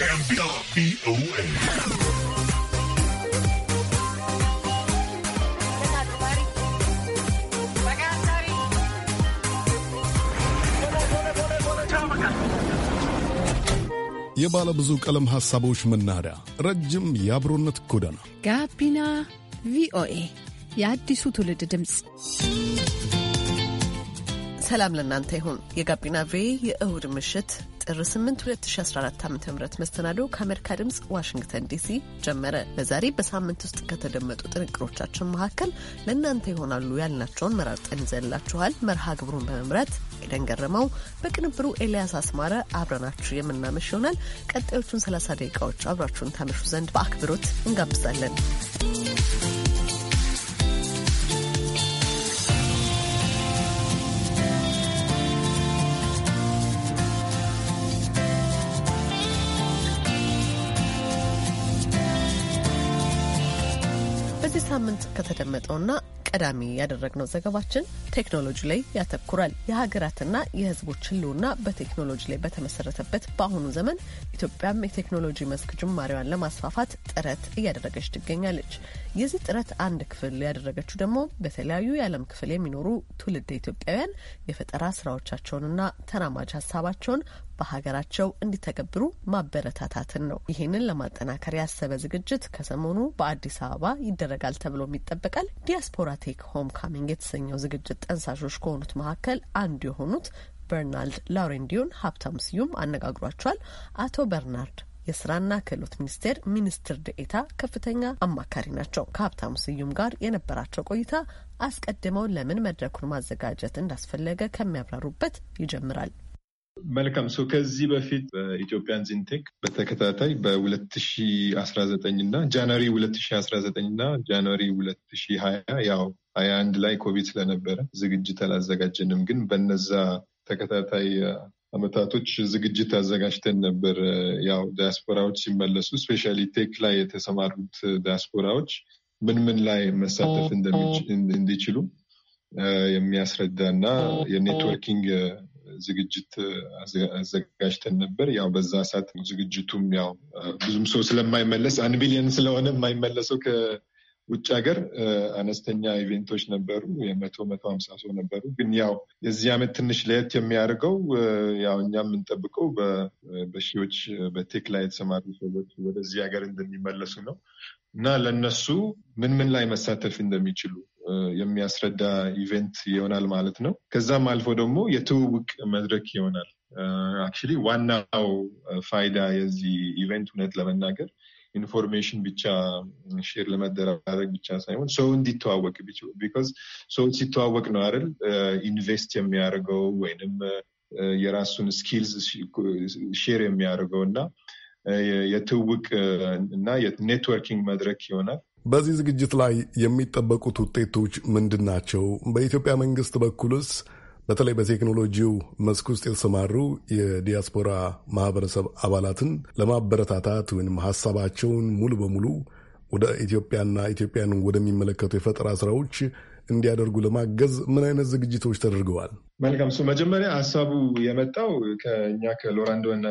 ጋቢና የባለ ብዙ ቀለም ሐሳቦች መናኸሪያ፣ ረጅም የአብሮነት ጎዳና ጋቢና ቪኦኤ የአዲሱ ትውልድ ድምፅ። ሰላም ለእናንተ ይሁን። የጋቢና ቪኦኤ የእሁድ ምሽት ጥር 8 2014 ዓ ም መሰናዶ ከአሜሪካ ድምፅ ዋሽንግተን ዲሲ ጀመረ። በዛሬ በሳምንት ውስጥ ከተደመጡ ጥንቅሮቻችን መካከል ለእናንተ ይሆናሉ ያልናቸውን መራርጠን ይዘንላችኋል። መርሃ ግብሩን በመምራት ኤደን ገረመው፣ በቅንብሩ ኤልያስ አስማረ አብረናችሁ የምናመሽ ይሆናል። ቀጣዮቹን 30 ደቂቃዎች አብራችሁን ታመሹ ዘንድ በአክብሮት እንጋብዛለን። ሳምንት ከተደመጠውና ቀዳሚ ያደረግነው ዘገባችን ቴክኖሎጂ ላይ ያተኩራል። የሀገራትና የሕዝቦች ህልውና በቴክኖሎጂ ላይ በተመሰረተበት በአሁኑ ዘመን ኢትዮጵያም የቴክኖሎጂ መስክ ጅማሬዋን ለማስፋፋት ጥረት እያደረገች ትገኛለች። የዚህ ጥረት አንድ ክፍል ያደረገችው ደግሞ በተለያዩ የዓለም ክፍል የሚኖሩ ትውልድ ኢትዮጵያውያን የፈጠራ ስራዎቻቸውንና ተራማጅ ሀሳባቸውን በሀገራቸው እንዲተገብሩ ማበረታታትን ነው። ይህንን ለማጠናከር ያሰበ ዝግጅት ከሰሞኑ በአዲስ አበባ ይደረጋል ተብሎም ይጠበቃል። ዲያስፖራ ቴክ ሆም ካሚንግ የተሰኘው ዝግጅት ጠንሳሾች ከሆኑት መካከል አንዱ የሆኑት በርናልድ ላውሬንዲዮን ሀብታም ስዩም አነጋግሯቸዋል። አቶ በርናርድ የስራና ክህሎት ሚኒስቴር ሚኒስትር ደኤታ ከፍተኛ አማካሪ ናቸው። ከሀብታሙ ስዩም ጋር የነበራቸው ቆይታ አስቀድመው ለምን መድረኩን ማዘጋጀት እንዳስፈለገ ከሚያብራሩበት ይጀምራል። መልካም ሰው ከዚህ በፊት በኢትዮጵያን ዚንቴክ በተከታታይ በ2019 እና ጃንዋሪ 2019 እና ጃንዋሪ 2020 ያው 21 ላይ ኮቪድ ስለነበረ ዝግጅት አላዘጋጀንም። ግን በነዛ ተከታታይ አመታቶች ዝግጅት አዘጋጅተን ነበር። ያው ዲያስፖራዎች ሲመለሱ ስፔሻሊ ቴክ ላይ የተሰማሩት ዲያስፖራዎች ምን ምን ላይ መሳተፍ እንዲችሉ የሚያስረዳ እና የኔትወርኪንግ ዝግጅት አዘጋጅተን ነበር። ያው በዛ ሰዓት ዝግጅቱም ያው ብዙም ሰው ስለማይመለስ አንድ ሚሊዮን ስለሆነ የማይመለሰው ከውጭ ሀገር አነስተኛ ኢቬንቶች ነበሩ። የመቶ መቶ ሀምሳ ሰው ነበሩ። ግን ያው የዚህ ዓመት ትንሽ ለየት የሚያደርገው ያው እኛ የምንጠብቀው በሺዎች በቴክ ላይ የተሰማሩ ሰዎች ወደዚህ ሀገር እንደሚመለሱ ነው እና ለነሱ ምን ምን ላይ መሳተፍ እንደሚችሉ የሚያስረዳ ኢቨንት ይሆናል ማለት ነው። ከዛም አልፎ ደግሞ የትውውቅ መድረክ ይሆናል። አክቹሊ ዋናው ፋይዳ የዚህ ኢቨንት እውነት ለመናገር ኢንፎርሜሽን ብቻ ሼር ለመደራረግ ብቻ ሳይሆን ሰው እንዲተዋወቅ ቢኮዝ ሰው ሲተዋወቅ ነው አይደል ኢንቨስት የሚያደርገው ወይንም የራሱን ስኪልዝ ሼር የሚያደርገው እና የትውውቅ እና ኔትወርኪንግ መድረክ ይሆናል። በዚህ ዝግጅት ላይ የሚጠበቁት ውጤቶች ምንድን ናቸው? በኢትዮጵያ መንግስት በኩልስ በተለይ በቴክኖሎጂው መስክ ውስጥ የተሰማሩ የዲያስፖራ ማህበረሰብ አባላትን ለማበረታታት ወይም ሀሳባቸውን ሙሉ በሙሉ ወደ ኢትዮጵያና ኢትዮጵያን ወደሚመለከቱ የፈጠራ ስራዎች እንዲያደርጉ ለማገዝ ምን አይነት ዝግጅቶች ተደርገዋል? መልካም ሱ መጀመሪያ ሀሳቡ የመጣው ከእኛ ከሎራንዶ እና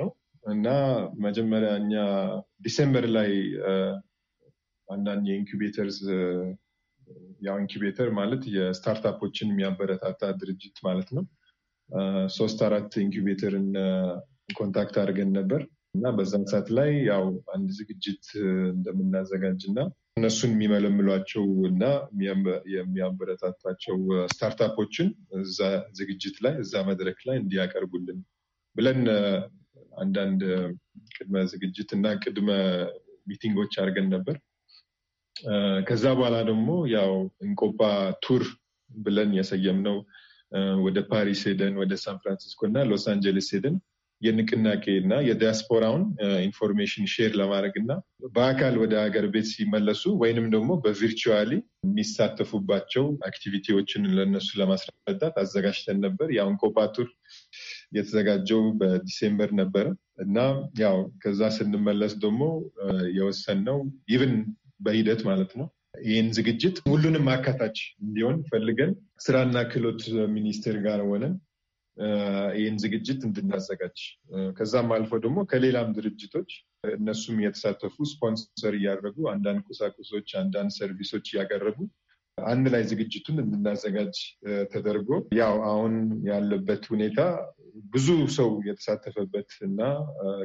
ነው እና መጀመሪያ እኛ ዲሴምበር ላይ አንዳንድ የኢንኩቤተርስ ያው ኢንኩቤተር ማለት የስታርታፖችን የሚያበረታታ ድርጅት ማለት ነው። ሶስት አራት ኢንኩቤተርን ኮንታክት አድርገን ነበር እና በዛን ሰዓት ላይ ያው አንድ ዝግጅት እንደምናዘጋጅ እና እነሱን የሚመለምሏቸው እና የሚያበረታታቸው ስታርታፖችን እዛ ዝግጅት ላይ እዛ መድረክ ላይ እንዲያቀርቡልን ብለን አንዳንድ ቅድመ ዝግጅት እና ቅድመ ሚቲንጎች አድርገን ነበር። ከዛ በኋላ ደግሞ ያው እንቆባ ቱር ብለን የሰየምነው ወደ ፓሪስ ሄደን ወደ ሳን ፍራንሲስኮ እና ሎስ አንጀለስ ሄደን የንቅናቄ እና የዲያስፖራውን ኢንፎርሜሽን ሼር ለማድረግ እና በአካል ወደ ሀገር ቤት ሲመለሱ ወይንም ደግሞ በቪርቹዋሊ የሚሳተፉባቸው አክቲቪቲዎችን ለነሱ ለማስረዳት አዘጋጅተን ነበር። ያው እንቆባ ቱር የተዘጋጀው በዲሴምበር ነበረ እና ያው ከዛ ስንመለስ ደግሞ ነው ይብን በሂደት ማለት ነው። ይህን ዝግጅት ሁሉንም አካታች እንዲሆን ፈልገን ስራና ክህሎት ሚኒስቴር ጋር ሆነን ይህን ዝግጅት እንድናዘጋጅ ከዛም አልፎ ደግሞ ከሌላም ድርጅቶች እነሱም የተሳተፉ ስፖንሰር እያደረጉ አንዳንድ ቁሳቁሶች፣ አንዳንድ ሰርቪሶች እያቀረቡ አንድ ላይ ዝግጅቱን እንድናዘጋጅ ተደርጎ ያው አሁን ያለበት ሁኔታ ብዙ ሰው የተሳተፈበት እና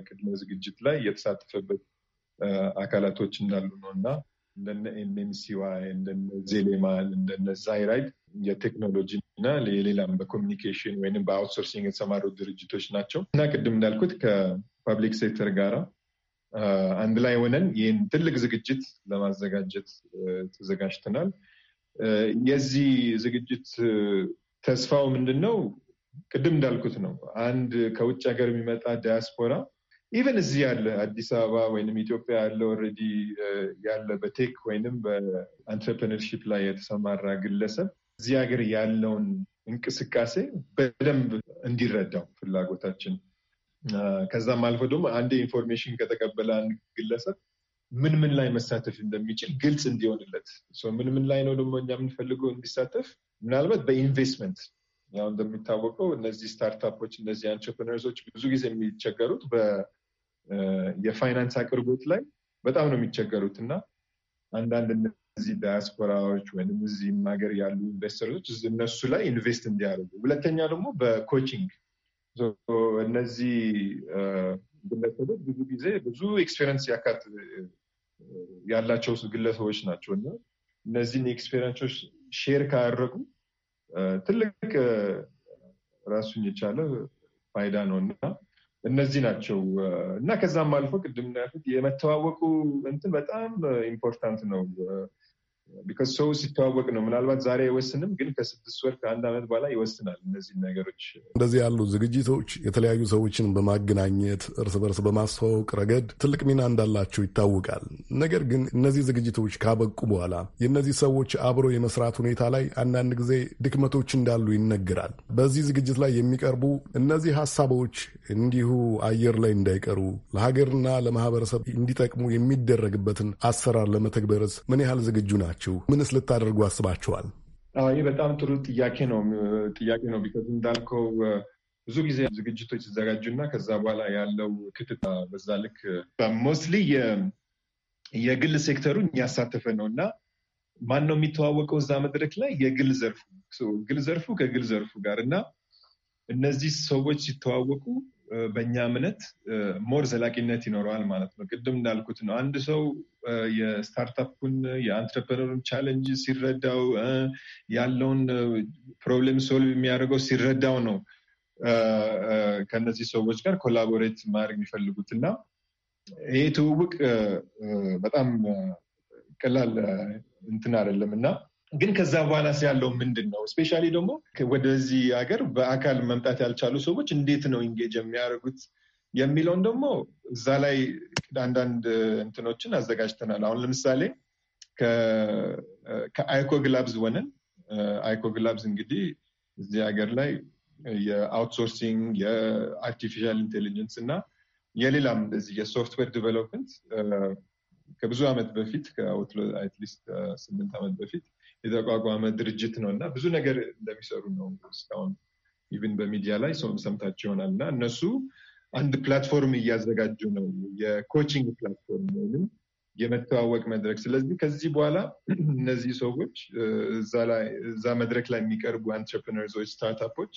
ቅድመ ዝግጅት ላይ የተሳተፈበት አካላቶች እንዳሉ ነው እና እንደነ ኤንኤምሲዋይ እንደነ ዜሌማል እንደነ ዛይራይድ የቴክኖሎጂ እና የሌላም በኮሚኒኬሽን ወይም በአውትሶርሲንግ የተሰማሩ ድርጅቶች ናቸው እና ቅድም እንዳልኩት ከፐብሊክ ሴክተር ጋራ አንድ ላይ ሆነን ይህን ትልቅ ዝግጅት ለማዘጋጀት ተዘጋጅተናል። የዚህ ዝግጅት ተስፋው ምንድን ነው? ቅድም እንዳልኩት ነው። አንድ ከውጭ ሀገር የሚመጣ ዲያስፖራ ኢቨን እዚህ ያለ አዲስ አበባ ወይም ኢትዮጵያ ያለ ኦልሬዲ ያለ በቴክ ወይንም በአንትረፕነርሽፕ ላይ የተሰማራ ግለሰብ እዚህ ሀገር ያለውን እንቅስቃሴ በደንብ እንዲረዳው ፍላጎታችን፣ ከዛም አልፎ ደግሞ አንድ ኢንፎርሜሽን ከተቀበለ አንድ ግለሰብ ምን ምን ላይ መሳተፍ እንደሚችል ግልጽ እንዲሆንለት፣ ምን ምን ላይ ነው ደግሞ እኛ የምንፈልገው እንዲሳተፍ ምናልባት በኢንቨስትመንት ያው እንደሚታወቀው እነዚህ ስታርታፖች እነዚህ አንትርፕነርሶች ብዙ ጊዜ የሚቸገሩት የፋይናንስ አቅርቦት ላይ በጣም ነው የሚቸገሩት እና አንዳንድ እነዚህ ዳያስፖራዎች ወይም እዚህም ሀገር ያሉ ኢንቨስተሮች እነሱ ላይ ኢንቨስት እንዲያደርጉ፣ ሁለተኛ ደግሞ በኮችንግ እነዚህ ግለሰቦች ብዙ ጊዜ ብዙ ኤክስፔሪንስ ያካት ያላቸው ግለሰቦች ናቸው እና እነዚህን ኤክስፔሪንሶች ሼር ካያደረጉ ትልቅ ራሱን የቻለ ፋይዳ ነው እና እነዚህ ናቸው እና ከዛም አልፎ ቅድም እንዳልኩት የመተዋወቁ እንትን በጣም ኢምፖርታንት ነው። ቢካዝ ሰው ሲተዋወቅ ነው። ምናልባት ዛሬ አይወስንም፣ ግን ከስድስት ወር ከአንድ ዓመት በኋላ ይወስናል። እነዚህ ነገሮች እንደዚህ ያሉ ዝግጅቶች የተለያዩ ሰዎችን በማገናኘት እርስ በርስ በማስተዋወቅ ረገድ ትልቅ ሚና እንዳላቸው ይታወቃል። ነገር ግን እነዚህ ዝግጅቶች ካበቁ በኋላ የእነዚህ ሰዎች አብሮ የመስራት ሁኔታ ላይ አንዳንድ ጊዜ ድክመቶች እንዳሉ ይነገራል። በዚህ ዝግጅት ላይ የሚቀርቡ እነዚህ ሀሳቦች እንዲሁ አየር ላይ እንዳይቀሩ ለሀገርና ለማህበረሰብ እንዲጠቅሙ የሚደረግበትን አሰራር ለመተግበርስ ምን ያህል ዝግጁ ናቸው? አስባችሁ? ምንስ ልታደርጉ አስባችኋል? ይህ በጣም ጥሩ ጥያቄ ነው ጥያቄ ነው። ቢከዝ እንዳልከው ብዙ ጊዜ ዝግጅቶች ሲዘጋጁ እና ከዛ በኋላ ያለው ክትታ በዛ ልክ ሞስትሊ የግል ሴክተሩን እያሳተፈ ነው እና ማን ነው የሚተዋወቀው እዛ መድረክ ላይ የግል ዘርፉ ግል ዘርፉ ከግል ዘርፉ ጋር እና እነዚህ ሰዎች ሲተዋወቁ በእኛ እምነት ሞር ዘላቂነት ይኖረዋል ማለት ነው። ቅድም እንዳልኩት ነው። አንድ ሰው የስታርታፑን የአንትረፕረነሩን ቻለንጅ ሲረዳው ያለውን ፕሮብሌም ሶልቭ የሚያደርገው ሲረዳው ነው ከነዚህ ሰዎች ጋር ኮላቦሬት ማድረግ የሚፈልጉት እና ይህ ትውውቅ በጣም ቀላል እንትን አይደለም እና ግን ከዛ በኋላስ ያለው ምንድን ነው? እስፔሻሊ ደግሞ ወደዚህ ሀገር በአካል መምጣት ያልቻሉ ሰዎች እንዴት ነው ኢንጌጅ የሚያደርጉት የሚለውን ደግሞ እዛ ላይ አንዳንድ እንትኖችን አዘጋጅተናል። አሁን ለምሳሌ ከአይኮግላብዝ ሆነን አይኮግላብዝ እንግዲህ እዚህ ሀገር ላይ የአውትሶርሲንግ የአርቲፊሻል ኢንቴሊጀንስ እና የሌላም እንደዚህ የሶፍትዌር ዲቨሎፕመንት ከብዙ ዓመት በፊት ከአትሊስት ስምንት ዓመት በፊት የተቋቋመ ድርጅት ነው እና ብዙ ነገር እንደሚሰሩ ነው እስካሁን ኢቭን በሚዲያ ላይ ሰምታቸው ይሆናል እና እነሱ አንድ ፕላትፎርም እያዘጋጁ ነው፣ የኮችንግ ፕላትፎርም ወይም የመተዋወቅ መድረክ። ስለዚህ ከዚህ በኋላ እነዚህ ሰዎች እዛ መድረክ ላይ የሚቀርቡ አንትርፕነርሶች ስታርታፖች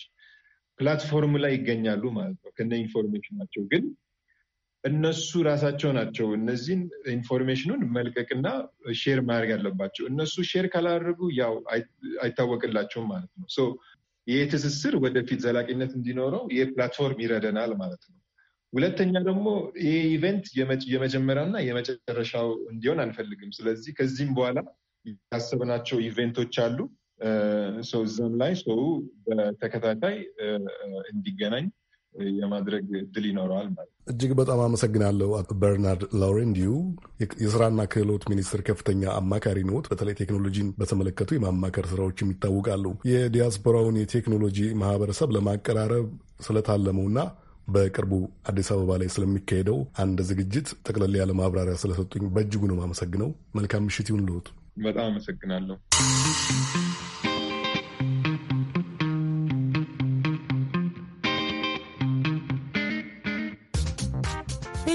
ፕላትፎርም ላይ ይገኛሉ ማለት ነው ከነ ኢንፎርሜሽናቸው ግን እነሱ ራሳቸው ናቸው እነዚህን ኢንፎርሜሽኑን መልቀቅና ሼር ማድረግ ያለባቸው። እነሱ ሼር ካላደረጉ ያው አይታወቅላቸውም ማለት ነው። ሶ ይህ ትስስር ወደፊት ዘላቂነት እንዲኖረው ይህ ፕላትፎርም ይረደናል ማለት ነው። ሁለተኛ ደግሞ ይህ ኢቨንት የመጀመሪያና የመጨረሻው እንዲሆን አንፈልግም። ስለዚህ ከዚህም በኋላ ያሰብናቸው ኢቨንቶች አሉ። እዛም ላይ ሰው በተከታታይ እንዲገናኝ የማድረግ እድል ይኖረዋል ማለት ነው። እጅግ በጣም አመሰግናለሁ። በርናርድ ላውሬንዲዩ የስራና ክህሎት ሚኒስትር ከፍተኛ አማካሪ ኖት። በተለይ ቴክኖሎጂን በተመለከቱ የማማከር ስራዎችም ይታወቃሉ። የዲያስፖራውን የቴክኖሎጂ ማህበረሰብ ለማቀራረብ ስለታለመውና በቅርቡ አዲስ አበባ ላይ ስለሚካሄደው አንድ ዝግጅት ጠቅለል ያለ ማብራሪያ ስለሰጡኝ በእጅጉ ነው የማመሰግነው። መልካም ምሽት ይሁን ልሁት። በጣም አመሰግናለሁ።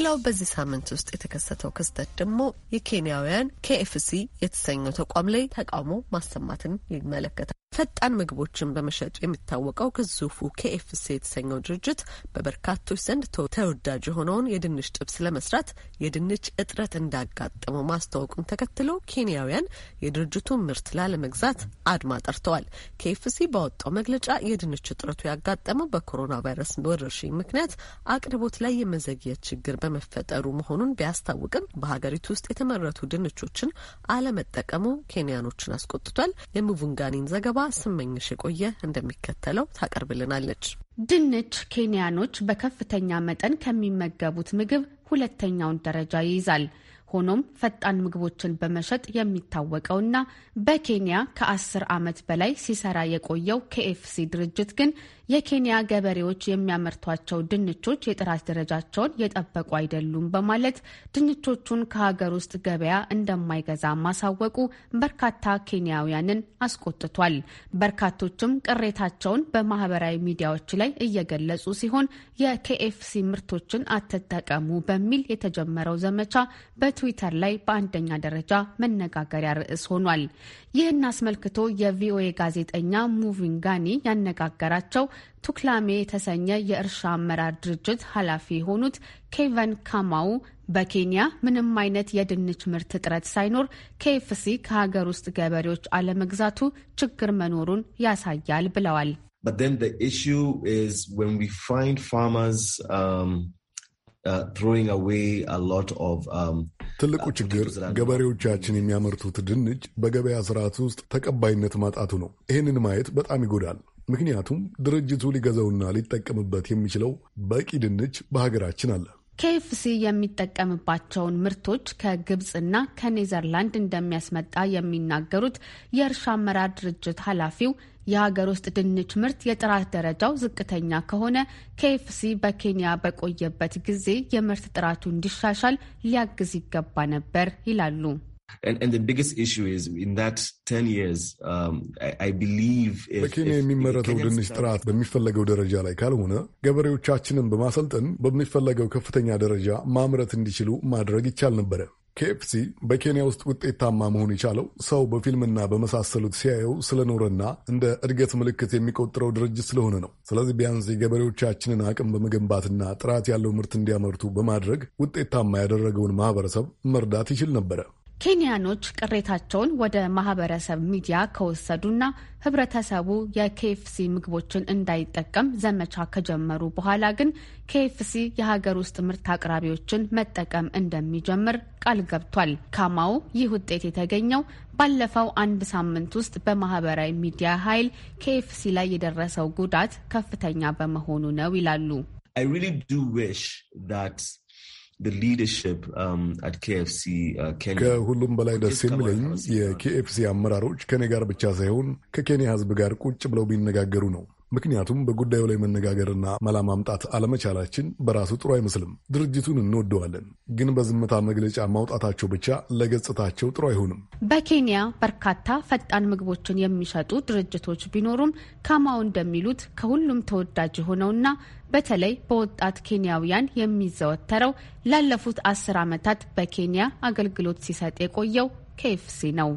ሌላው በዚህ ሳምንት ውስጥ የተከሰተው ክስተት ደግሞ የኬንያውያን ኬኤፍሲ የተሰኘው ተቋም ላይ ተቃውሞ ማሰማትን ይመለከታል። ፈጣን ምግቦችን በመሸጡ የሚታወቀው ግዙፉ ኬኤፍሲ የተሰኘው ድርጅት በበርካቶች ዘንድ ተወዳጅ የሆነውን የድንች ጥብስ ለመስራት የድንች እጥረት እንዳጋጠመው ማስታወቁን ተከትሎ ኬንያውያን የድርጅቱን ምርት ላለመግዛት አድማ ጠርተዋል። ኬኤፍሲ ባወጣው መግለጫ የድንች እጥረቱ ያጋጠመው በኮሮና ቫይረስ ወረርሽኝ ምክንያት አቅርቦት ላይ የመዘግየት ችግር በመፈጠሩ መሆኑን ቢያስታውቅም በሀገሪቱ ውስጥ የተመረቱ ድንቾችን አለመጠቀሙ ኬንያኖችን አስቆጥቷል። የሙቡንጋኒን ዘገባ ስመኝሽ የቆየ እንደሚከተለው ታቀርብልናለች። ድንች ኬንያኖች በከፍተኛ መጠን ከሚመገቡት ምግብ ሁለተኛውን ደረጃ ይይዛል። ሆኖም ፈጣን ምግቦችን በመሸጥ የሚታወቀውና በኬንያ ከአስር ዓመት በላይ ሲሰራ የቆየው ኬኤፍሲ ድርጅት ግን የኬንያ ገበሬዎች የሚያመርቷቸው ድንቾች የጥራት ደረጃቸውን የጠበቁ አይደሉም በማለት ድንቾቹን ከሀገር ውስጥ ገበያ እንደማይገዛ ማሳወቁ በርካታ ኬንያውያንን አስቆጥቷል። በርካቶችም ቅሬታቸውን በማህበራዊ ሚዲያዎች ላይ እየገለጹ ሲሆን የኬኤፍሲ ምርቶችን አትጠቀሙ በሚል የተጀመረው ዘመቻ በትዊተር ላይ በአንደኛ ደረጃ መነጋገሪያ ርዕስ ሆኗል። ይህን አስመልክቶ የቪኦኤ ጋዜጠኛ ሙቪንጋኒ ያነጋገራቸው ቱክላሜ የተሰኘ የእርሻ አመራር ድርጅት ኃላፊ የሆኑት ኬቨን ካማው በኬንያ ምንም አይነት የድንች ምርት እጥረት ሳይኖር ኬኤፍሲ ከሀገር ውስጥ ገበሬዎች አለመግዛቱ ችግር መኖሩን ያሳያል ብለዋል። um, uh, um, ትልቁ uh, ችግር ገበሬዎቻችን የሚያመርቱት ድንች በገበያ ስርዓት ውስጥ ተቀባይነት ማጣቱ ነው። ይህንን ማየት በጣም ይጎዳል። ምክንያቱም ድርጅቱ ሊገዛውና ሊጠቀምበት የሚችለው በቂ ድንች በሀገራችን አለ። ኬኤፍሲ የሚጠቀምባቸውን ምርቶች ከግብፅና ከኔዘርላንድ እንደሚያስመጣ የሚናገሩት የእርሻ አመራር ድርጅት ኃላፊው የሀገር ውስጥ ድንች ምርት የጥራት ደረጃው ዝቅተኛ ከሆነ ኬኤፍሲ በኬንያ በቆየበት ጊዜ የምርት ጥራቱ እንዲሻሻል ሊያግዝ ይገባ ነበር ይላሉ። Um, በኬንያ የሚመረተው ድንች ጥራት በሚፈለገው ደረጃ ላይ ካልሆነ ገበሬዎቻችንን በማሰልጠን በሚፈለገው ከፍተኛ ደረጃ ማምረት እንዲችሉ ማድረግ ይቻል ነበረ። ኬኤፍሲ በኬንያ ውስጥ ውጤታማ መሆን የቻለው ሰው በፊልምና በመሳሰሉት ሲያየው ስለኖረና እንደ እድገት ምልክት የሚቆጥረው ድርጅት ስለሆነ ነው። ስለዚህ ቢያንስ የገበሬዎቻችንን አቅም በመገንባትና ጥራት ያለው ምርት እንዲያመርቱ በማድረግ ውጤታማ ያደረገውን ማህበረሰብ መርዳት ይችል ነበረ። ኬንያኖች ቅሬታቸውን ወደ ማህበረሰብ ሚዲያ ከወሰዱና ህብረተሰቡ የኬኤፍሲ ምግቦችን እንዳይጠቀም ዘመቻ ከጀመሩ በኋላ ግን ኬኤፍሲ የሀገር ውስጥ ምርት አቅራቢዎችን መጠቀም እንደሚጀምር ቃል ገብቷል። ካማው ይህ ውጤት የተገኘው ባለፈው አንድ ሳምንት ውስጥ በማህበራዊ ሚዲያ ኃይል ኬኤፍሲ ላይ የደረሰው ጉዳት ከፍተኛ በመሆኑ ነው ይላሉ። Um, uh, ከሁሉም በላይ ደስ የሚለኝ uh, የኬኤፍሲ አመራሮች ከኔ ጋር ብቻ ሳይሆን ከኬንያ ሕዝብ ጋር ቁጭ ብለው ቢነጋገሩ ነው። ምክንያቱም በጉዳዩ ላይ መነጋገርና መላ ማምጣት አለመቻላችን በራሱ ጥሩ አይመስልም። ድርጅቱን እንወደዋለን፣ ግን በዝምታ መግለጫ ማውጣታቸው ብቻ ለገጽታቸው ጥሩ አይሆንም። በኬንያ በርካታ ፈጣን ምግቦችን የሚሸጡ ድርጅቶች ቢኖሩም ካማው እንደሚሉት ከሁሉም ተወዳጅ የሆነውና በተለይ በወጣት ኬንያውያን የሚዘወተረው ላለፉት አስር ዓመታት በኬንያ አገልግሎት ሲሰጥ የቆየው ኬኤፍሲ ነው።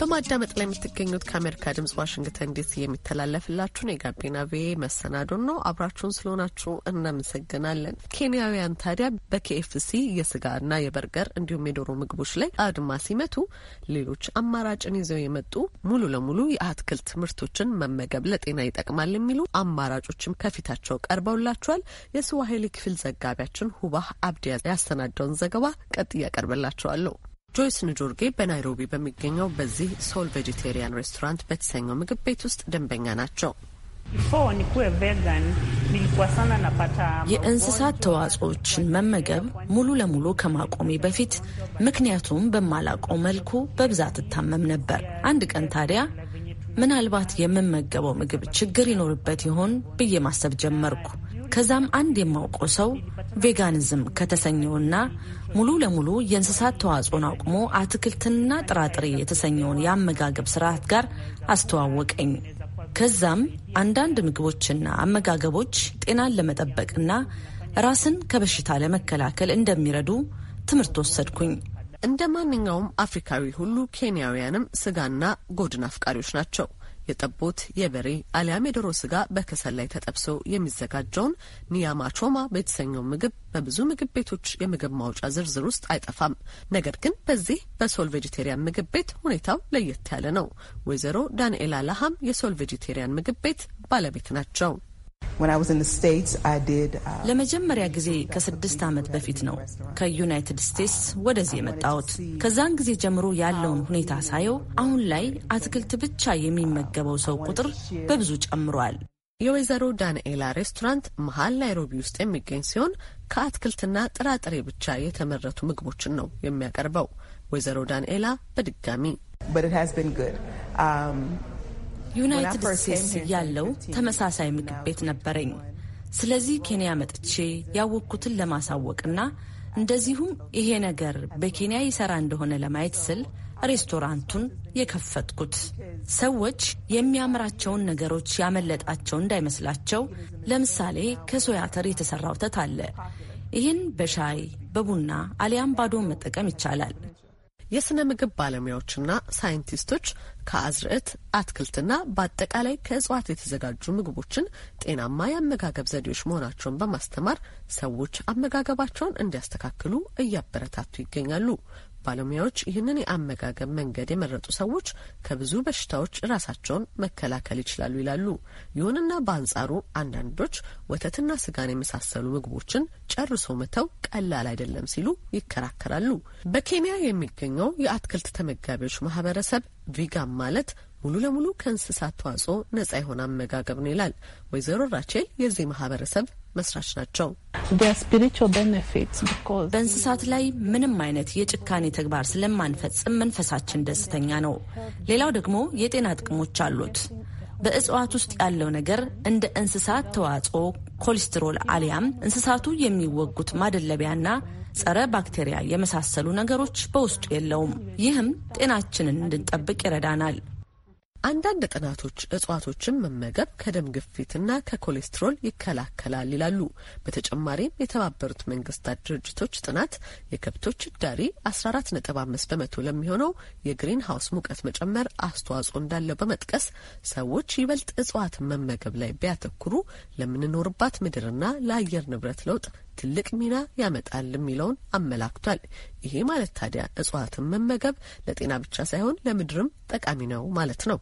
በማዳመጥ ላይ የምትገኙት ከአሜሪካ ድምጽ ዋሽንግተን ዲሲ የሚተላለፍላችሁን የጋቢና ቪኦኤ መሰናዶን ነው። አብራችሁን ስለሆናችሁ እናመሰግናለን። ኬንያውያን ታዲያ በኬኤፍሲ የስጋና የበርገር እንዲሁም የዶሮ ምግቦች ላይ አድማ ሲመቱ ሌሎች አማራጭን ይዘው የመጡ ሙሉ ለሙሉ የአትክልት ምርቶችን መመገብ ለጤና ይጠቅማል የሚሉ አማራጮችም ከፊታቸው ቀርበውላችኋል። የስዋሄሊ ክፍል ዘጋቢያችን ሁባህ አብዲያ ያሰናዳውን ዘገባ ቀጥ እያቀርብላችኋለሁ። ጆይስ ንጆርጌ በናይሮቢ በሚገኘው በዚህ ሶል ቬጂቴሪያን ሬስቶራንት በተሰኘው ምግብ ቤት ውስጥ ደንበኛ ናቸው። የእንስሳት ተዋጽኦዎችን መመገብ ሙሉ ለሙሉ ከማቆሜ በፊት ምክንያቱም በማላውቀው መልኩ በብዛት እታመም ነበር። አንድ ቀን ታዲያ ምናልባት የምመገበው ምግብ ችግር ይኖርበት ይሆን ብዬ ማሰብ ጀመርኩ። ከዛም አንድ የማውቀው ሰው ቬጋኒዝም ከተሰኘውና ሙሉ ለሙሉ የእንስሳት ተዋጽኦን አቁሞ አትክልትና ጥራጥሬ የተሰኘውን የአመጋገብ ስርዓት ጋር አስተዋወቀኝ። ከዛም አንዳንድ ምግቦችና አመጋገቦች ጤናን ለመጠበቅና ራስን ከበሽታ ለመከላከል እንደሚረዱ ትምህርት ወሰድኩኝ። እንደ ማንኛውም አፍሪካዊ ሁሉ ኬንያውያንም ስጋና ጎድን አፍቃሪዎች ናቸው። የጠቦት የበሬ አሊያም የዶሮ ስጋ በከሰል ላይ ተጠብሶ የሚዘጋጀውን ኒያማቾማ በተሰኘው ምግብ በብዙ ምግብ ቤቶች የምግብ ማውጫ ዝርዝር ውስጥ አይጠፋም። ነገር ግን በዚህ በሶል ቬጂቴሪያን ምግብ ቤት ሁኔታው ለየት ያለ ነው። ወይዘሮ ዳንኤላ ላሃም የሶል ቬጂቴሪያን ምግብ ቤት ባለቤት ናቸው። Uh, ለመጀመሪያ ጊዜ ከስድስት ዓመት በፊት ነው ከዩናይትድ ስቴትስ ወደዚህ የመጣሁት። ከዛን ጊዜ ጀምሮ ያለውን ሁኔታ ሳየው አሁን ላይ አትክልት ብቻ የሚመገበው ሰው ቁጥር በብዙ ጨምሯል። የወይዘሮ ዳንኤላ ሬስቶራንት መሀል ናይሮቢ ውስጥ የሚገኝ ሲሆን ከአትክልትና ጥራጥሬ ብቻ የተመረቱ ምግቦችን ነው የሚያቀርበው። ወይዘሮ ዳንኤላ በድጋሚ um, ዩናይትድ ስቴትስ ያለው ተመሳሳይ ምግብ ቤት ነበረኝ። ስለዚህ ኬንያ መጥቼ ያወቅኩትን ለማሳወቅና እንደዚሁም ይሄ ነገር በኬንያ ይሰራ እንደሆነ ለማየት ስል ሬስቶራንቱን የከፈትኩት ሰዎች የሚያምራቸውን ነገሮች ያመለጣቸው እንዳይመስላቸው። ለምሳሌ ከሶያ አተር የተሰራ ወተት አለ። ይህን በሻይ በቡና አሊያም ባዶን መጠቀም ይቻላል። የሥነ ምግብ ባለሙያዎችና ሳይንቲስቶች ከአዝርዕት አትክልትና በአጠቃላይ ከእጽዋት የተዘጋጁ ምግቦችን ጤናማ የአመጋገብ ዘዴዎች መሆናቸውን በማስተማር ሰዎች አመጋገባቸውን እንዲያስተካክሉ እያበረታቱ ይገኛሉ። ባለሙያዎች ይህንን የአመጋገብ መንገድ የመረጡ ሰዎች ከብዙ በሽታዎች ራሳቸውን መከላከል ይችላሉ ይላሉ። ይሁንና በአንጻሩ አንዳንዶች ወተትና ስጋን የመሳሰሉ ምግቦችን ጨርሶ መተው ቀላል አይደለም ሲሉ ይከራከራሉ። በኬንያ የሚገኘው የአትክልት ተመጋቢዎች ማህበረሰብ ቪጋን ማለት ሙሉ ለሙሉ ከእንስሳት ተዋጽኦ ነጻ የሆነ አመጋገብ ነው ይላል። ወይዘሮ ራቼል የዚህ ማህበረሰብ መስራች ናቸው። በእንስሳት ላይ ምንም አይነት የጭካኔ ተግባር ስለማንፈጽም መንፈሳችን ደስተኛ ነው። ሌላው ደግሞ የጤና ጥቅሞች አሉት። በእጽዋት ውስጥ ያለው ነገር እንደ እንስሳት ተዋጽኦ ኮሌስትሮል አሊያም እንስሳቱ የሚወጉት ማደለቢያና ጸረ ባክቴሪያ የመሳሰሉ ነገሮች በውስጡ የለውም። ይህም ጤናችንን እንድንጠብቅ ይረዳናል። አንዳንድ ጥናቶች እጽዋቶችን መመገብ ከደም ግፊትና ከኮሌስትሮል ይከላከላል ይላሉ። በተጨማሪም የተባበሩት መንግስታት ድርጅቶች ጥናት የከብቶች ዳሪ 5 በመቶ ለሚሆነው የግሪን ሀውስ ሙቀት መጨመር አስተዋጽኦ እንዳለው በመጥቀስ ሰዎች ይበልጥ እጽዋትን መመገብ ላይ ቢያተኩሩ ለምንኖርባት ምድርና ለአየር ንብረት ለውጥ ትልቅ ሚና ያመጣል የሚለውን አመላክቷል። ይሄ ማለት ታዲያ እጽዋትን መመገብ ለጤና ብቻ ሳይሆን ለምድርም ጠቃሚ ነው ማለት ነው።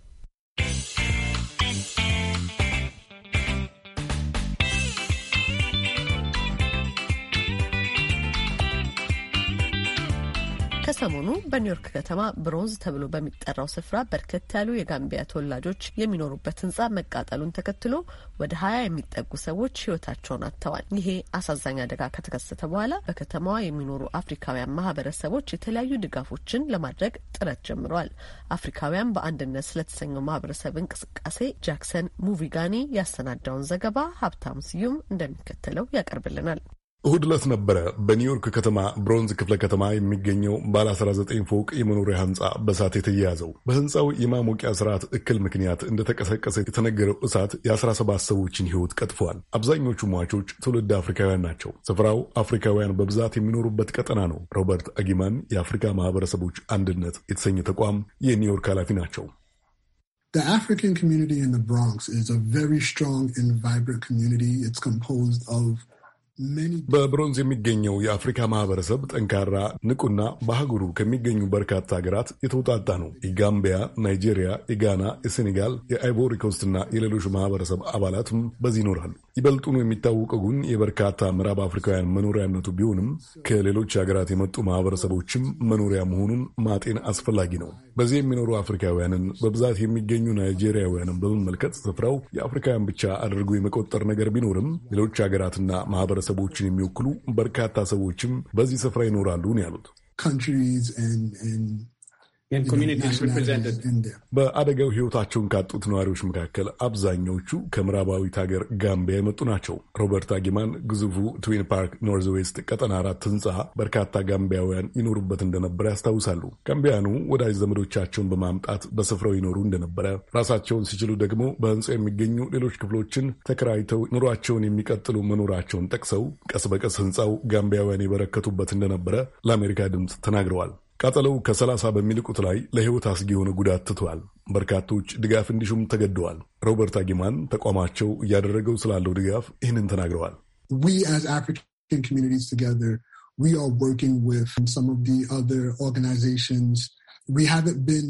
ከሰሞኑ በኒውዮርክ ከተማ ብሮንዝ ተብሎ በሚጠራው ስፍራ በርከት ያሉ የጋምቢያ ተወላጆች የሚኖሩበት ህንጻ መቃጠሉን ተከትሎ ወደ ሀያ የሚጠጉ ሰዎች ህይወታቸውን አጥተዋል። ይሄ አሳዛኝ አደጋ ከተከሰተ በኋላ በከተማዋ የሚኖሩ አፍሪካውያን ማህበረሰቦች የተለያዩ ድጋፎችን ለማድረግ ጥረት ጀምረዋል። አፍሪካውያን በአንድነት ስለተሰኘው ማህበረሰብ እንቅስቃሴ ጃክሰን ሙቪጋኒ ያሰናዳውን ዘገባ ሀብታም ስዩም እንደሚከተለው ያቀርብልናል። እሁድ ዕለት ነበረ በኒውዮርክ ከተማ ብሮንዝ ክፍለ ከተማ የሚገኘው ባለ 19 ፎቅ የመኖሪያ ሕንፃ በእሳት የተያያዘው። በህንፃው የማሞቂያ ስርዓት እክል ምክንያት እንደተቀሰቀሰ የተነገረው እሳት የ17 ሰዎችን ሕይወት ቀጥፏል። አብዛኞቹ ሟቾች ትውልድ አፍሪካውያን ናቸው። ስፍራው አፍሪካውያን በብዛት የሚኖሩበት ቀጠና ነው። ሮበርት አጊማን የአፍሪካ ማህበረሰቦች አንድነት የተሰኘ ተቋም የኒውዮርክ ኃላፊ ናቸው። The African community in the Bronx is a very strong and vibrant community. It's composed of በብሮንዝ የሚገኘው የአፍሪካ ማህበረሰብ ጠንካራ ንቁና በአህጉሩ ከሚገኙ በርካታ ሀገራት የተውጣጣ ነው። የጋምቢያ፣ ናይጄሪያ፣ የጋና፣ የሴኔጋል፣ የአይቮሪኮስትና የሌሎች ማህበረሰብ አባላትም በዚህ ይኖራሉ። ይበልጡን የሚታወቀውን የበርካታ ምዕራብ አፍሪካውያን መኖሪያነቱ ቢሆንም ከሌሎች ሀገራት የመጡ ማህበረሰቦችም መኖሪያ መሆኑን ማጤን አስፈላጊ ነው። በዚህ የሚኖሩ አፍሪካውያንን በብዛት የሚገኙ ናይጄሪያውያንን በመመልከት ስፍራው የአፍሪካውያን ብቻ አድርጎ የመቆጠር ነገር ቢኖርም ሌሎች ሀገራትና ማህበረሰቦችን የሚወክሉ በርካታ ሰዎችም በዚህ ስፍራ ይኖራሉ ያሉት። በአደጋው ሕይወታቸውን ካጡት ነዋሪዎች መካከል አብዛኛዎቹ ከምዕራባዊት ሀገር ጋምቢያ የመጡ ናቸው። ሮበርት አጊማን ግዙፉ ትዊን ፓርክ ኖርዝ ዌስት ቀጠና አራት ህንፃ በርካታ ጋምቢያውያን ይኖሩበት እንደነበረ ያስታውሳሉ። ጋምቢያኑ ወዳጅ ዘመዶቻቸውን በማምጣት በስፍራው ይኖሩ እንደነበረ፣ ራሳቸውን ሲችሉ ደግሞ በህንፃ የሚገኙ ሌሎች ክፍሎችን ተከራይተው ኑሯቸውን የሚቀጥሉ መኖራቸውን ጠቅሰው ቀስ በቀስ ህንፃው ጋምቢያውያን የበረከቱበት እንደነበረ ለአሜሪካ ድምፅ ተናግረዋል። ቃጠለው ከ30 በሚልቁት ላይ ለሕይወት አስጊ የሆነ ጉዳት ትቷል። በርካቶች ድጋፍ እንዲሹም ተገደዋል። ሮበርት አጊማን ተቋማቸው እያደረገው ስላለው ድጋፍ ይህንን ተናግረዋል። We haven't been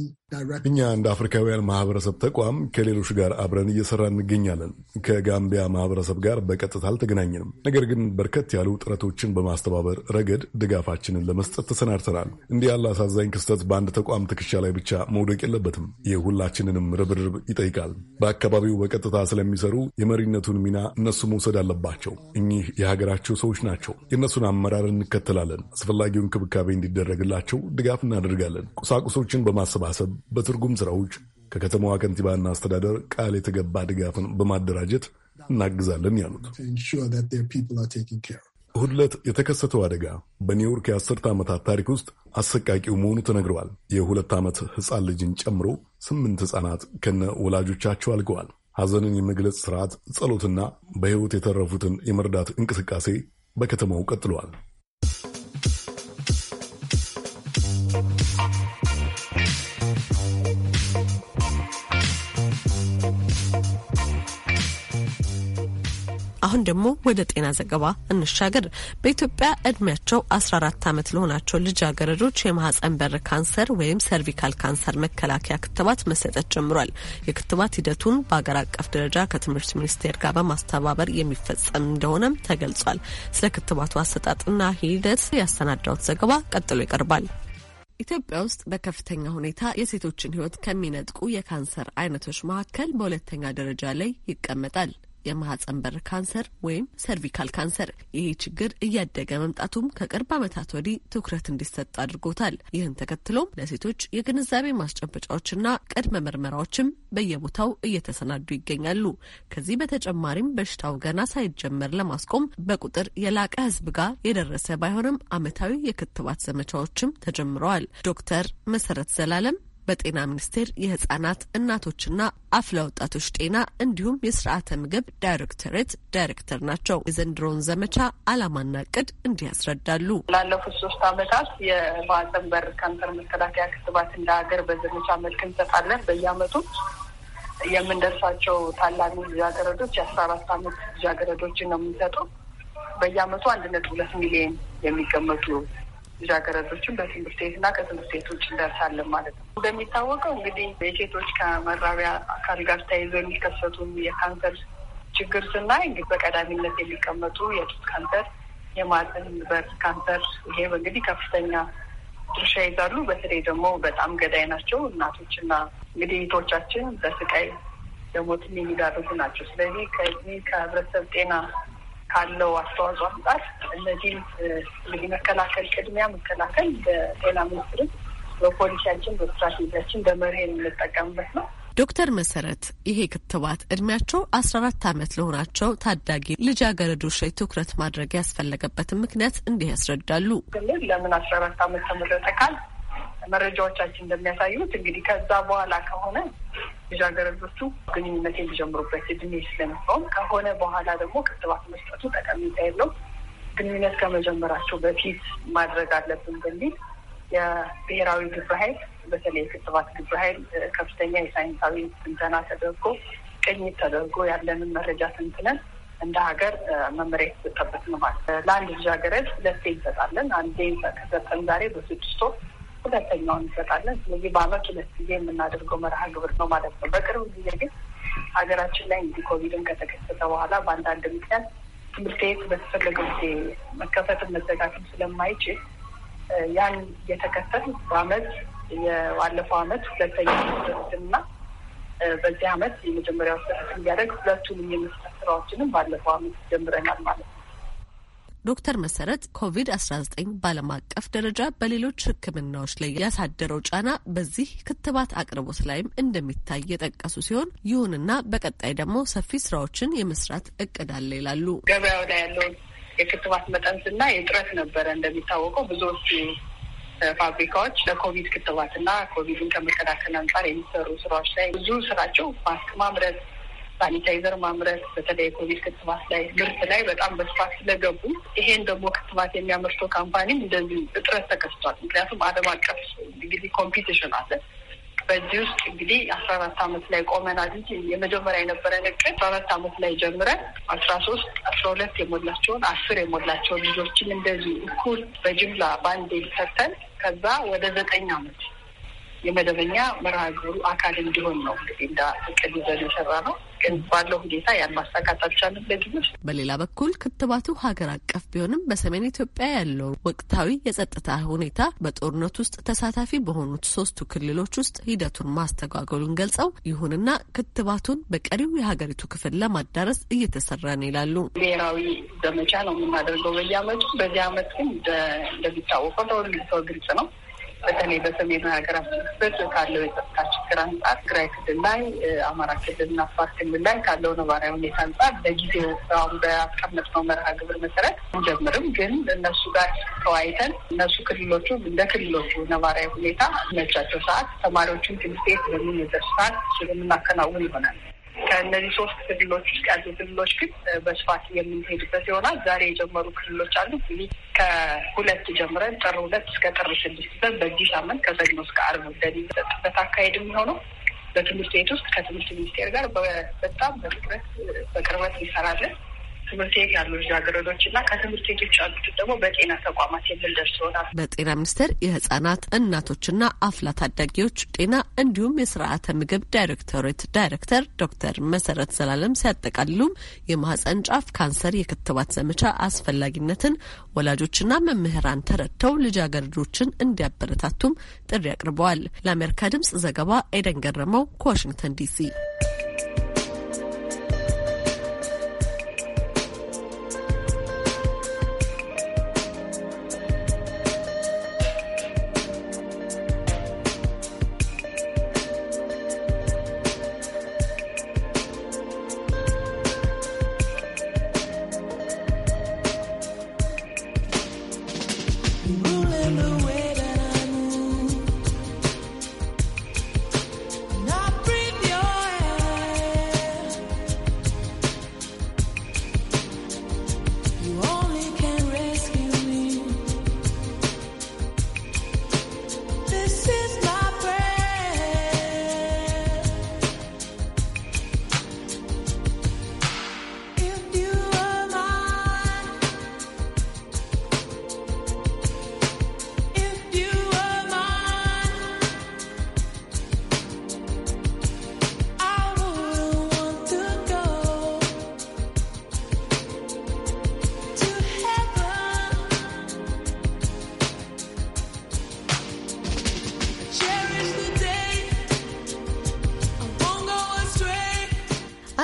እኛ እንደ አፍሪካውያን ማህበረሰብ ተቋም ከሌሎች ጋር አብረን እየሰራ እንገኛለን። ከጋምቢያ ማህበረሰብ ጋር በቀጥታ አልተገናኘንም፣ ነገር ግን በርከት ያሉ ጥረቶችን በማስተባበር ረገድ ድጋፋችንን ለመስጠት ተሰናድተናል። እንዲህ ያለ አሳዛኝ ክስተት በአንድ ተቋም ትከሻ ላይ ብቻ መውደቅ የለበትም። የሁላችንንም ርብርብ ይጠይቃል። በአካባቢው በቀጥታ ስለሚሰሩ የመሪነቱን ሚና እነሱ መውሰድ አለባቸው። እኚህ የሀገራቸው ሰዎች ናቸው። የእነሱን አመራር እንከተላለን። አስፈላጊውን ክብካቤ እንዲደረግላቸው ድጋፍ እናደርጋለን። ቁሳቁሶችን በማሰባሰብ በትርጉም ስራዎች ከከተማዋ ከንቲባና አስተዳደር ቃል የተገባ ድጋፍን በማደራጀት እናግዛለን ያሉት እሁድ ዕለት የተከሰተው አደጋ በኒውዮርክ የአስርተ ዓመታት ታሪክ ውስጥ አሰቃቂው መሆኑ ተነግረዋል። የሁለት ዓመት ሕፃን ልጅን ጨምሮ ስምንት ሕፃናት ከነ ወላጆቻቸው አልገዋል። ሐዘንን የመግለጽ ሥርዓት፣ ጸሎትና በሕይወት የተረፉትን የመርዳት እንቅስቃሴ በከተማው ቀጥለዋል። አሁን ደግሞ ወደ ጤና ዘገባ እንሻገር። በኢትዮጵያ እድሜያቸው 14 ዓመት ለሆናቸው ልጃገረዶች የማህፀን በር ካንሰር ወይም ሰርቪካል ካንሰር መከላከያ ክትባት መሰጠት ጀምሯል። የክትባት ሂደቱን በአገር አቀፍ ደረጃ ከትምህርት ሚኒስቴር ጋር በማስተባበር የሚፈጸም እንደሆነም ተገልጿል። ስለ ክትባቱ አሰጣጥና ሂደት ያሰናዳውት ዘገባ ቀጥሎ ይቀርባል። ኢትዮጵያ ውስጥ በከፍተኛ ሁኔታ የሴቶችን ህይወት ከሚነጥቁ የካንሰር አይነቶች መካከል በሁለተኛ ደረጃ ላይ ይቀመጣል። የማህፀን በር ካንሰር ወይም ሰርቪካል ካንሰር። ይህ ችግር እያደገ መምጣቱም ከቅርብ ዓመታት ወዲህ ትኩረት እንዲሰጥ አድርጎታል። ይህን ተከትሎም ለሴቶች የግንዛቤ ማስጨበጫዎችና ቅድመ ምርመራዎችም በየቦታው እየተሰናዱ ይገኛሉ። ከዚህ በተጨማሪም በሽታው ገና ሳይጀመር ለማስቆም በቁጥር የላቀ ህዝብ ጋር የደረሰ ባይሆንም ዓመታዊ የክትባት ዘመቻዎችም ተጀምረዋል። ዶክተር መሰረት ዘላለም በጤና ሚኒስቴር የህጻናት እናቶችና አፍለ ወጣቶች ጤና እንዲሁም የስርዓተ ምግብ ዳይሬክቶሬት ዳይሬክተር ናቸው። የዘንድሮውን ዘመቻ አላማና እቅድ እንዲህ ያስረዳሉ። ላለፉት ሶስት ዓመታት የማህፀን በር ካንሰር መከላከያ ክትባት እንደ ሀገር በዘመቻ መልክ እንሰጣለን። በየአመቱ የምንደርሳቸው ታላሚ ልጃገረዶች የአስራ አራት አመት ልጃገረዶችን ነው የምንሰጠው። በየአመቱ አንድ ነጥብ ሁለት ሚሊዮን የሚገመቱ ልጃገረዶችን በትምህርት ቤትና ከትምህርት ቤት ውጭ እንደርሳለን ማለት ነው። እንደሚታወቀው እንግዲህ የሴቶች ከመራቢያ አካል ጋር ተያይዞ የሚከሰቱ የካንሰር ችግር ስናይ እንግዲህ በቀዳሚነት የሚቀመጡ የጡት ካንሰር፣ የማህፀን በር ካንሰር ይሄ እንግዲህ ከፍተኛ ድርሻ ይዛሉ። በተለይ ደግሞ በጣም ገዳይ ናቸው። እናቶችና እንግዲህ እህቶቻችን በስቃይ ለሞት የሚዳርጉ ናቸው። ስለዚህ ከዚህ ከህብረተሰብ ጤና ካለው አስተዋጽኦ አንጻር እነዚህም እንግዲህ መከላከል ቅድሚያ መከላከል በጤና ሚኒስትርም በፖሊሲያችን በስትራቴጂያችን በመርህ የምንጠቀምበት ነው። ዶክተር መሰረት ይሄ ክትባት እድሜያቸው አስራ አራት አመት ለሆናቸው ታዳጊ ልጃገረዶች ላይ ትኩረት ማድረግ ያስፈለገበትን ምክንያት እንዲህ ያስረዳሉ። ክልል ለምን አስራ አራት አመት ተመረጠ ካል መረጃዎቻችን እንደሚያሳዩት እንግዲህ ከዛ በኋላ ከሆነ ልጃገረዶቹ ግንኙነት የሚጀምሩበት እድሜ ስለሚሆን ከሆነ በኋላ ደግሞ ክትባት መስጠቱ ጠቀሜታ የለውም። ግንኙነት ከመጀመራቸው በፊት ማድረግ አለብን በሚል የብሔራዊ ግብረ ኃይል በተለይ የክትባት ግብረ ኃይል ከፍተኛ የሳይንሳዊ ትንተና ተደርጎ ቅኝት ተደርጎ ያለንን መረጃ ትንትነን እንደ ሀገር መመሪያ የተሰጠበት ነው ማለት ለአንድ ልጃገረድ ሁለቴ እንሰጣለን። አንዴ ከሰጠን ዛሬ በስድስት ወር ሁለተኛውን እንሰጣለን። ስለዚህ በአመት ሁለት ጊዜ የምናደርገው መርሃ ግብር ነው ማለት ነው። በቅርብ ጊዜ ግን ሀገራችን ላይ እንግዲህ ኮቪድን ከተከሰተ በኋላ በአንዳንድ ምክንያት ትምህርት ቤት በተፈለገ ጊዜ መከፈትም መዘጋትም ስለማይችል ያን እየተከተል በአመት የባለፈው አመት ሁለተኛ ና በዚህ አመት የመጀመሪያው ስርዓት እንዲያደርግ ሁለቱንም የመስራት ስራዎችንም ባለፈው አመት ጀምረናል ማለት ነው። ዶክተር መሰረት ኮቪድ-19 በዓለም አቀፍ ደረጃ በሌሎች ሕክምናዎች ላይ ያሳደረው ጫና በዚህ ክትባት አቅርቦት ላይም እንደሚታይ የጠቀሱ ሲሆን ይሁንና በቀጣይ ደግሞ ሰፊ ስራዎችን የመስራት እቅድ አለ ይላሉ። ገበያው ላይ ያለውን የክትባት መጠን ስናይ እጥረት ነበረ። እንደሚታወቀው ብዙዎቹ ፋብሪካዎች ለኮቪድ ክትባትና ኮቪድን ከመከላከል አንጻር የሚሰሩ ስራዎች ላይ ብዙ ስራቸው ማስክ ማምረት ሳኒታይዘር ማምረት በተለይ የኮቪድ ክትባት ላይ ምርት ላይ በጣም በስፋት ስለገቡ ይሄን ደግሞ ክትባት የሚያመርተው ካምፓኒም እንደዚህ እጥረት ተከስቷል። ምክንያቱም ዓለም አቀፍ እንግዲህ ኮምፒቲሽን አለ። በዚህ ውስጥ እንግዲህ አስራ አራት አመት ላይ ቆመናል እንጂ የመጀመሪያ የነበረን እቅድ አስራ አራት አመት ላይ ጀምረን አስራ ሶስት አስራ ሁለት የሞላቸውን አስር የሞላቸውን ልጆችን እንደዚህ እኩል በጅምላ በአንዴ ሰርተን ከዛ ወደ ዘጠኝ አመት የመደበኛ መርሃ ግብሩ አካል እንዲሆን ነው እንግዲህ እንደ እቅድ ይዘን የሰራ ነው። ግን ባለው ሁኔታ ያን ማሳካት አልቻለም። ለድኖች በሌላ በኩል ክትባቱ ሀገር አቀፍ ቢሆንም በሰሜን ኢትዮጵያ ያለው ወቅታዊ የጸጥታ ሁኔታ በጦርነት ውስጥ ተሳታፊ በሆኑት ሶስቱ ክልሎች ውስጥ ሂደቱን ማስተጓገሉን ገልጸው፣ ይሁንና ክትባቱን በቀሪው የሀገሪቱ ክፍል ለማዳረስ እየተሰራ ነው ይላሉ። ብሔራዊ ዘመቻ ነው የምናደርገው በየአመቱ። በዚህ አመት ግን እንደሚታወቀው ለሁሉም ሰው ግልጽ ነው በተለይ በሰሜኑ ሀገራችን ክፍል ካለው የጸጥታ ችግር አንጻር ትግራይ ክልል ላይ፣ አማራ ክልል ክልልና አፋር ክልል ላይ ካለው ነባራዊ ሁኔታ አንጻር ለጊዜው አሁን በአስቀመጥነው መርሃ ግብር መሰረት እንጀምርም፣ ግን እነሱ ጋር ተወያይተን እነሱ ክልሎቹ እንደ ክልሎቹ ነባራዊ ሁኔታ መቻቸው ሰዓት ተማሪዎችን ትምህርት ቤት በሚመለሱ ሰዓት እሱን የምናከናውን ይሆናል። ከእነዚህ ሶስት ክልሎች ውስጥ ያሉ ክልሎች ግን በስፋት የምንሄድበት ይሆናል። ዛሬ የጀመሩ ክልሎች አሉ። ከሁለት ጀምረን ጥር ሁለት እስከ ጥር ስድስት ዘን በዚህ ሳምንት ከሰኞ እስከ ዓርብ እንደሚሰጥበት አካሄድ የሚሆነው በትምህርት ቤት ውስጥ ከትምህርት ሚኒስቴር ጋር በጣም በቅርበት በቅርበት እንሰራለን። ትምህርት ቤት ያሉ ልጃገረዶች እና ከትምህርት ቤቶች ያሉት ደግሞ በጤና ተቋማት የምንደርስ ይሆናል። በጤና ሚኒስቴር የህጻናት እናቶችና አፍላ ታዳጊዎች ጤና እንዲሁም የስርዓተ ምግብ ዳይሬክቶሬት ዳይሬክተር ዶክተር መሰረት ዘላለም ሲያጠቃልሉም የማህፀን ጫፍ ካንሰር የክትባት ዘመቻ አስፈላጊነትን ወላጆችና መምህራን ተረድተው ልጃገረዶችን እንዲያበረታቱም ጥሪ አቅርበዋል። ለአሜሪካ ድምጽ ዘገባ ኤደን ገረመው ከዋሽንግተን ዲሲ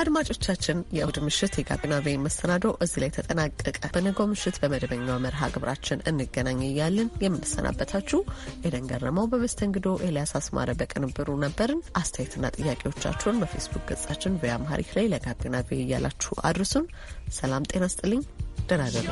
አድማጮቻችን የእሁድ ምሽት የጋቢና ቬ መሰናዶ እዚህ ላይ ተጠናቀቀ። በነገው ምሽት በመደበኛው መርሃ ግብራችን እንገናኝ እያልን የምንሰናበታችሁ ኤደን ገረመው በመስተንግዶ፣ ኤልያስ አስማረ በቅንብሩ ነበርን። አስተያየትና ጥያቄዎቻችሁን በፌስቡክ ገጻችን ቪያ ላይ ለጋቢና ቬ እያላችሁ አድርሱን። ሰላም ጤና ስጥልኝ። ደህና